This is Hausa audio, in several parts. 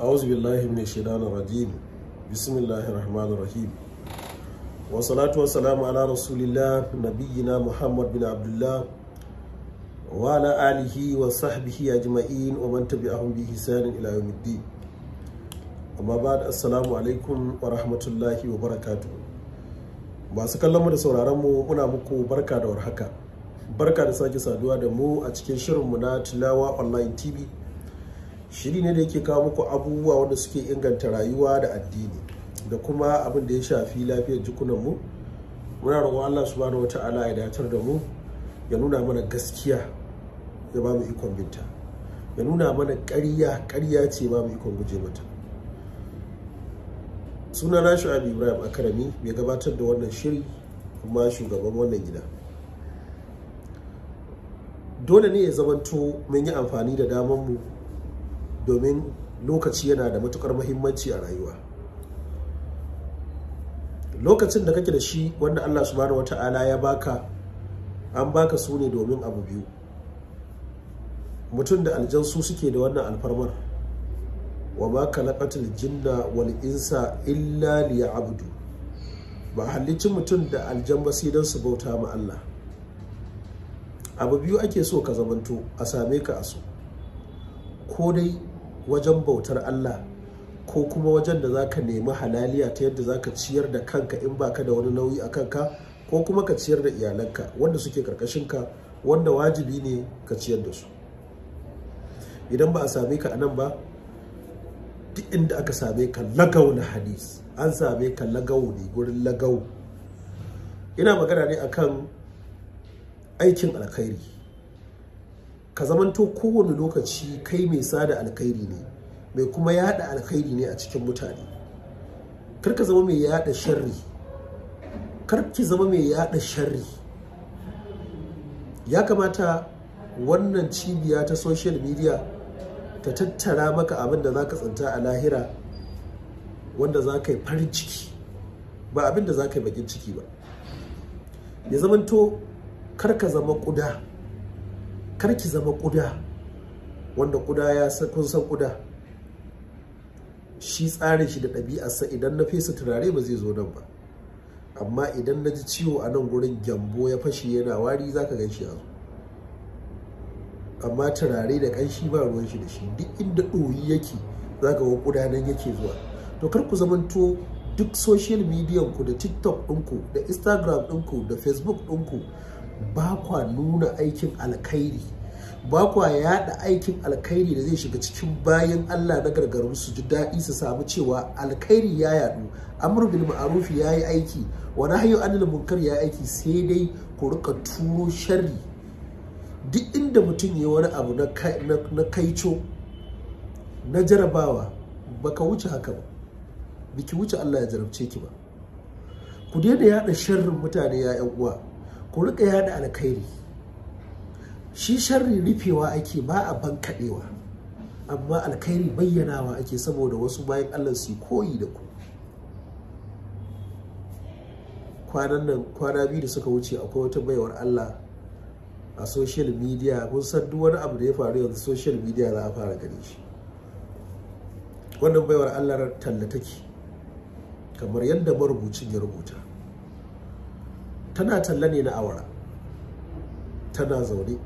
أعوذ بالله من الشيطان الرجيم بسم الله الرحمن الرحيم والصلاة والسلام على رسول الله نبينا محمد بن عبد الله وعلى آله وصحبه أجمعين ومن تبعهم بإحسان إلى يوم الدين amma ba assalamu alaikum wa rahmatullahi wa barakatu masu kallon da sauraron mu muna muku barka da warhaka barka da sake saduwa da mu a cikin shirinmu na tilawa online tv shiri ne da yake kawo muku abubuwa wanda suke inganta rayuwa da addini da kuma abin da ya shafi lafiyar mu? muna roƙon Allah subhanahu wata'ala ya datar da mu ya nuna mana gaskiya ya ba mu ikon binta ya nuna mana ƙarya ƙarya ce ba mu ikon guje mata suna na shu'abi ibrahim akarami mai gabatar da wannan shiri kuma shugaban wannan gida dole ne ya zamanto mun yi amfani da damar mu. domin lokaci yana da matukar muhimmanci a rayuwa lokacin da kake da shi wanda Allah subhanahu wata'ala ya baka an baka su ne domin abu biyu mutum da aljansu suke da wannan alfarmar wa ma khalaqatul jinna wal insa illa liya'budu ba halicin mutum da aljan ba sai don su bauta ma Allah abu biyu ake so ka zamanto a same ka a so ko dai wajen bautar Allah ko kuma wajen da za ka nemi halaliya ta yadda za ka ciyar da kanka in baka da wani nauyi a kanka ko kuma ka ciyar da iyalanka wanda suke ka wanda wajibi ne ka ciyar da su idan ba a same ka a nan ba duk inda aka same ka lagau na hadis an same ka lagau ne gurin lagau ina magana ne akan aikin alkhairi ka zamanto kowane lokaci kai mai sada alkhairi ne mai kuma yada alkhairi ne a cikin mutane kar ka zama mai yada sharri kar ki zama mai yada sharri ya kamata wannan cibiya ta social media ta tattara maka abin da za ka tsinta a lahira wanda za ka yi farin ciki ba abin da za ka yi bakin ciki ba ya zamanto kar ka zama kuda kar ki zama kuda wanda kuda ya kun san kuda shi tsarin shi da ɗabi'arsa idan na fesa turare ba zai zo nan ba amma idan na ji ciwo a nan gurin gyambo ya fashe yana wari za ka gan shi a amma turare da ƙanshi ba ruwan shi da shi duk inda ɗoyi yake za ka kuda nan yake zuwa to kar ku zamanto duk social media ku da tiktok ɗinku da instagram ɗinku da facebook ɗinku ba kwa nuna aikin alkhairi ba kwa yada aikin alkhairi da zai shiga cikin bayan Allah na gargaru su ji daɗi su samu cewa alkhairi ya yadu amru bil ma'ruf ya yi aiki wa nahyu anil munkar ya aiki sai dai ku rika turo sharri duk inda mutum ya wani abu na kaico na jarabawa baka wuce haka ba biki wuce Allah ya jarabce ki ba ku daina yada sharrin mutane ya yan uwa ku rika yada alkhairi shi sharri rufewa ake ba a bankaɗewa amma alkhairi bayyanawa ake saboda wasu bayan allah su koyi da ku kwanan nan kwana biyu da suka wuce akwai wata baiwar allah a social media kun san duk wani abu da ya faru yanzu social media za a fara gani shi wannan baiwar allah tallata ke kamar yadda marubucin ya rubuta tana talla ne na awara tana zaune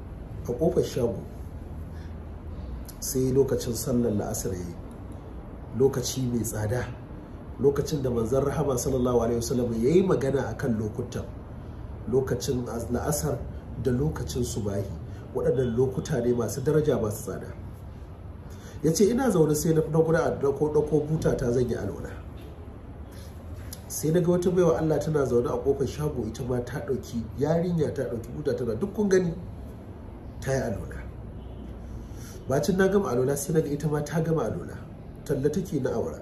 a kofar shago sai lokacin sallar la'asar ya yi lokaci mai tsada lokacin da manzon rahama sallallahu alaihi wasallam ya yi magana a kan lokutan lokacin la'asar da lokacin subahi waɗannan lokuta ne masu daraja masu tsada ya ce ina zaune sai na guda a buta ta zan yi alwala sai na wata baiwa Allah tana zaune a kofar shago ita ma ta ɗauki yarinya ta ɗauki buta tana duk kun gani ta yi alola bacin na gama alola sai na ita ma ta gama alola talla take na awara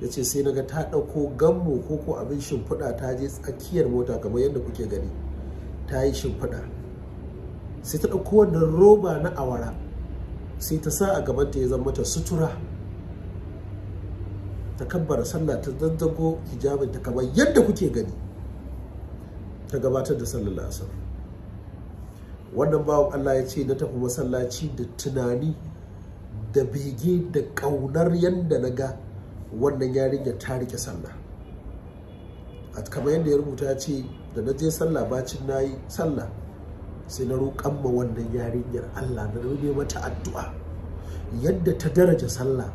ya ce sai naga ta ɗauko gammo ko ko abin shimfiɗa ta je tsakiyar mota kamar yadda kuke gani ta yi shimfiɗa sai ta ɗauko wannan roba na awara sai ta sa a gabanta ya zama mata sutura ta kabbara sallah ta zazzago hijabin ta kamar yadda kuke gani ta gabatar da sallar asar wannan bawan Allah ya ce na tafi masallaci da tunani da bege da ƙaunar yadda na ga wannan yarinya ta rike sallah a kamar yadda ya rubuta ce da na je sallah bacin na yi sallah sai na roƙan ma wannan yarinyar Allah na mata addu'a yadda ta daraja sallah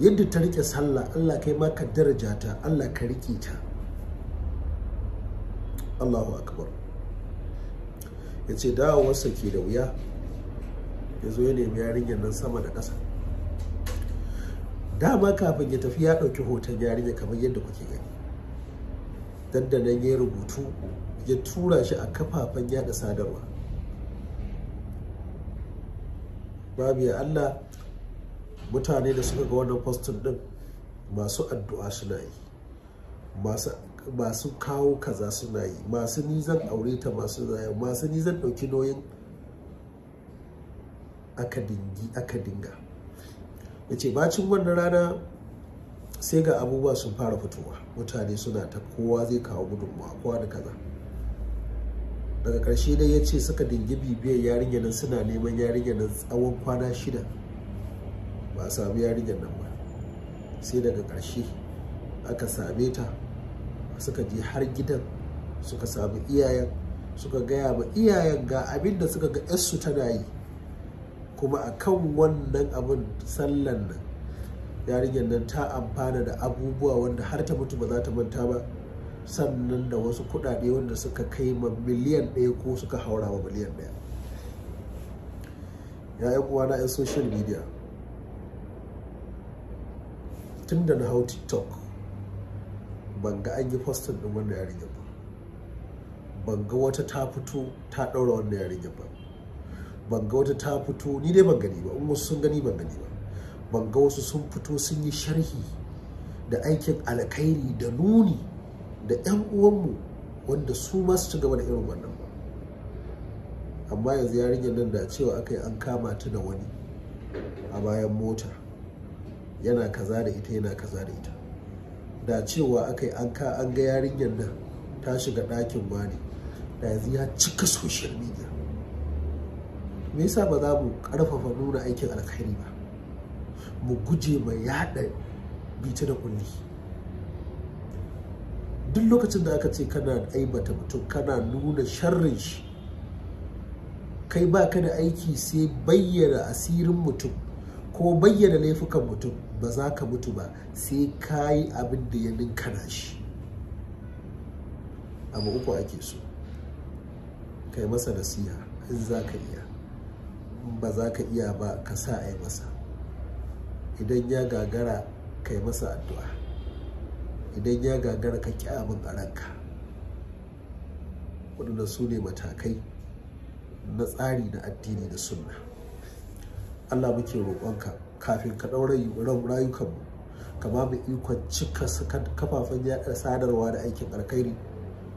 yadda ta rike sallah Allah kai ma ka daraja ta Allah ka rike ta Allahu akbar yace dawowarsa ke da wuya yazo ya nemi yarinyar nan sama da ƙasa dama kafin ya tafi ya ɗauki hoton yarinya kamar yadda kuke gani dandanan ya rubutu ya tura shi a kafafen yada sadarwa babu ya Allah mutane da suka ga wannan postin din masu addu'a suna yi masu kawo kaza suna yi masu nizan aure ta masu zaya masu nizan ɗauki noyin aka dingi dinga ya ce bacin wannan rana sai ga abubuwa sun fara fitowa mutane suna ta kowa zai kawo gudunmawa kowa da kaza daga karshe dai ya ce suka dingi bibiyar yarinya nan suna neman yarinya nan tsawon kwana shida ba a sami yarinyar nan ba sai daga ƙarshe aka same ta suka je har gidan suka sami iyayen suka gaya ma iyayen ga abin da suka ga yarsu tana yi kuma a kan wannan abin sallan nan yarinyar nan ta amfana da abubuwa wanda har ta mutu ba za ta manta ba sannan da wasu kuɗaɗe wanda suka kai ma miliyan ɗaya ko suka haura wa miliyan ɗaya kuwa uwana 'yan social media tun da na hau tiktok ban ga an yi postin ɗin wannan yarinya ba ban ga wata ta fito ta ɗaura wannan yarinya ba ban ga wata ta fito ni dai ban gani ba in wasu sun gani ban gani ba ban ga wasu sun fito sun yi sharhi da aikin alkhairi da nuni da 'yan uwanmu wanda su ma su ci gaba da irin wannan ba amma yanzu yarinyar nan da cewa aka yi an kama ta da wani a bayan mota yana kaza da ita yana kaza da ita da cewa aka yi an ka an ga yarinyar nan ta shiga ɗakin wani da yanzu ya cika social media me yasa ba za mu ƙarfafa nuna aikin alkhairi ba mu guje ma yaɗa bita da kulli duk lokacin da aka ce kana aibata mutum kana nuna sharrin shi kai ba ka da aiki sai bayyana asirin mutum ko bayyana laifukan mutum ba za ka mutu ba sai ka yi abin da ya ninkana shi abu uku ake so kai masa nasiha in za ka iya ba za ka iya ba ka sa a yi masa idan ya gagara ka masa addu'a idan ya gagara ka ki abin a ranka waɗanda su ne matakai na tsari na addini da sunna Allah muke roƙonka kafin ka ɗaura rayukan mu ka ba mu ikon cika kafafen yaɗa sadarwa da aikin alkhairi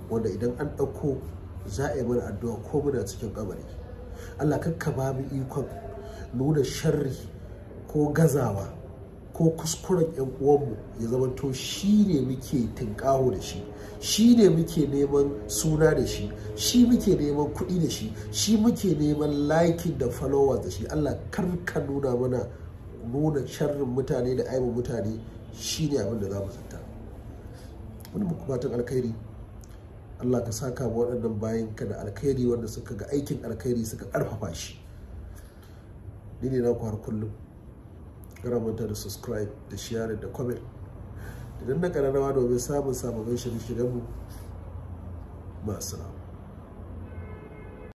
wanda idan an ɗauko za a yi mana addu'a ko muna cikin kabari Allah ka ba mu ikon nuna sharri ko gazawa ko kuskuren yan uwanmu ya zamanto shi ne muke tinkaho da shi shi ne muke neman suna da shi shi muke neman kuɗi da shi shi muke neman likin da followers da shi allah karka nuna mana nuna sharrin mutane da aibin mutane shi ne abin da za mu zanta wani muku alkhairi allah ka saka wa waɗannan bayan ka da alkhairi wanda suka ga aikin alkhairi suka ƙarfafa shi ni ne na har kullum manta da subscribe da share da comment da na kararrawa domin samun sababbin shirye-shiryenmu masu ramu